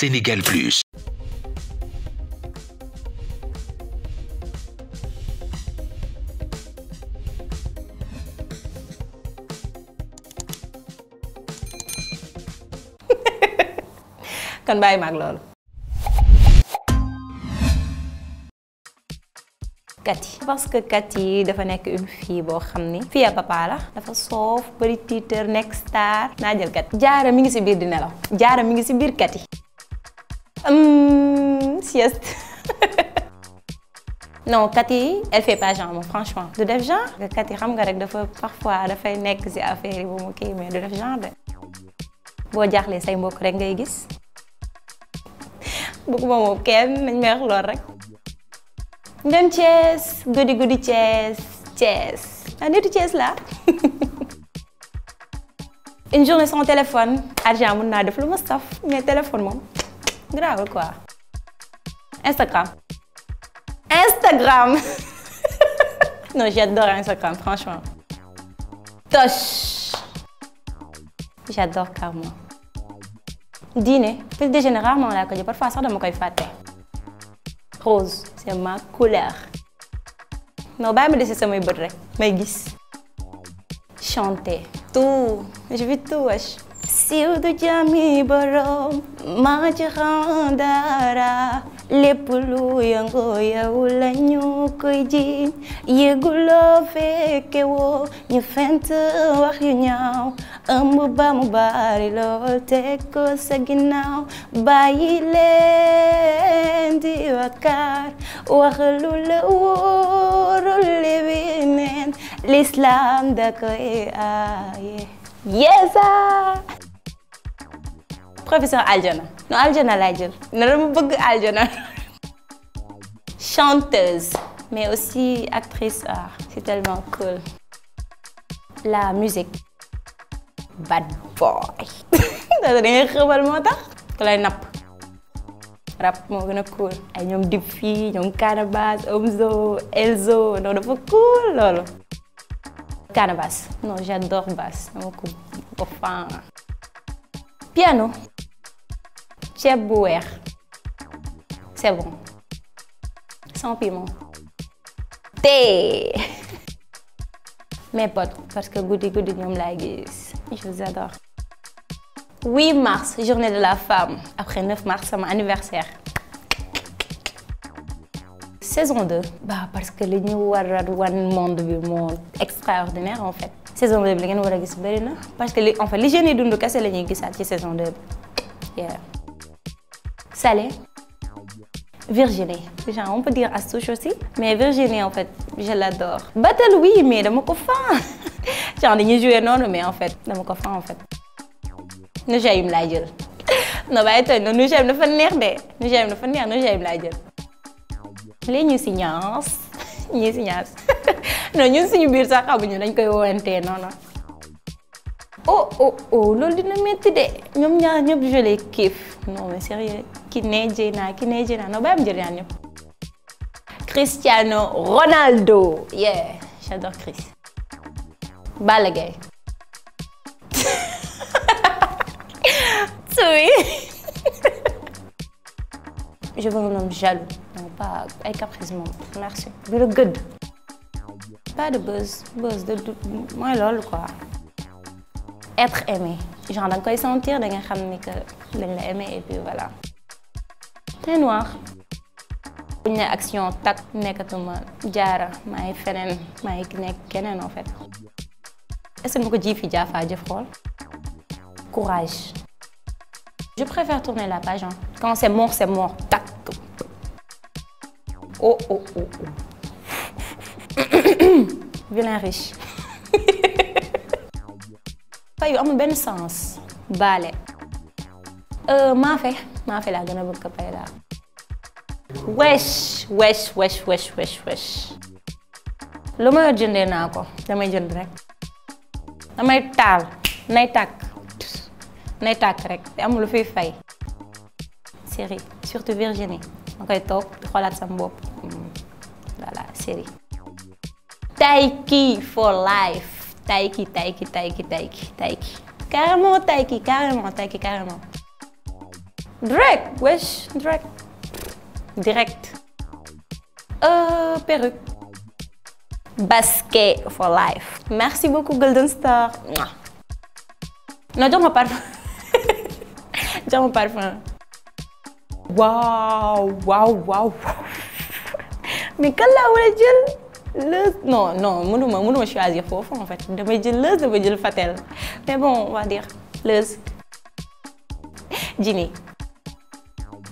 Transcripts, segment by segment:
Sénégal Plus. Kan bàyyi ma ak loolu. parce que Cathy dafa nekk une fille boo xam ni fii papa la dafa soof bëri tiitër nekk star naa jël Cathy jaara mi ngi si biir di nelaw jaara mi ngi biir Cathy sieste. non Cathy elle fait pas genre franchement De def genre Cathy nga parfois elle fait ci affaire yi bu mu mais def genre que tu say rek ngay may wax rek ah, la la une journée sans téléphone argent mun def mais téléphone grave grave. quoi Instagram. Instagram. non, j'adore Instagram, franchement. Tosh. J'adore Karma. Dîner. Plus généralement, rarement la pas Parfois, façon de me faire. Rose, c'est ma couleur. Non, bah, mais c'est mon couleur. Mais guis. Chanter. Tout. Je vis tout, wesh. Si vous avez un te ma le yango yaou la ñu koy Yé yëguloo fekke fent wax yu ñaaw ëmb ba mu bari lool teg ko sa di wax l'islam da koy aaye Professeur aljana non aljana laa Non na veux aljana chanteuse mais aussi actrice c'est tellement cool la musique bad boy da rien xëbal moo tax ku lay rap moi gën a cool ay ñoom y a ñoom Canabasse Omzo Elzo non cool lol Canabasse non j'adore basse beaucoup Enfin... piano c'est beau c'est bon sans piment thé mes potes parce que guddi guddi ñoom je vous adore 8 mars journée de la femme après 9 mars c'est mon anniversaire saison 2 bah parce que les ñu war monde extraordinaire en fait saison 2 bi la un monde parce que les fait sont jeunes c'est dund saison 2 yeah salé. Virginie. on peut dire Astouche aussi, mais Virginie, en fait, je l'adore. Battle, oui, mais de mon Genre, jouer non, mais en fait, de mon copain, en fait. Nous la gueule non bàyyi bah, nous, nous j'aime le Nous nous j'aime le nous la la Les nous, non ñun suñu biir nous dañ koy oh oh oh loolu ne métti je les non mais sérieux Kiné Diena no bayam Cristiano Ronaldo yeah j'adore Chris Balla Gaye je veux un homme jaloux non pas avec caprice merci mais le good pas de buzz buzz de my lol quoi être aimé genre da quoi koy sentir da nga xam que et puis voilà teint noir Une action tac nekkatuma jara maay feneen maay nek kenen en fait est-ce que je ko ji fi courage je préfère tourner la page hein. quand c'est mort c'est mort tac oh oh oh oh vilain riche eu un bon sens Euh, Mafé. fait maafe laa pay wesh wesh wesh wesh wesh wesh lu Je suis ko damay rek damay nay nay rek fay série surtout Virginie ma là, je suis là. voilà série Taiki for life Taiki Taiki Taiki Taiki Taiki carrément Taiki carrément Taiki carrément Drake, wesh, Drake. Direct. Euh, perruque. Basket for life. Merci beaucoup Golden Star. Mouah. Non, j'ai moi parfum. j'ai mon parfum. Waouh, waouh, waouh. Mais quelle là où la jël non non mënuma mënuma choisir fond, en fait damay je Leuz damay le Fatel mais bon on va dire Leuz Djinné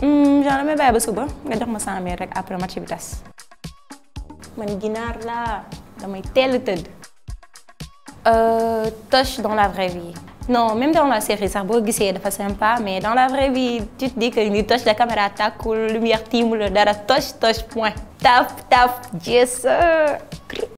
J'en ai même pas besoin, tu je me après match a Euh, Touche dans la vraie vie. non même dans la série ça être être sympa mais dans la vraie vie tu te dis que tu touche la caméra cool lumière team, la touch point. taf taf Yes.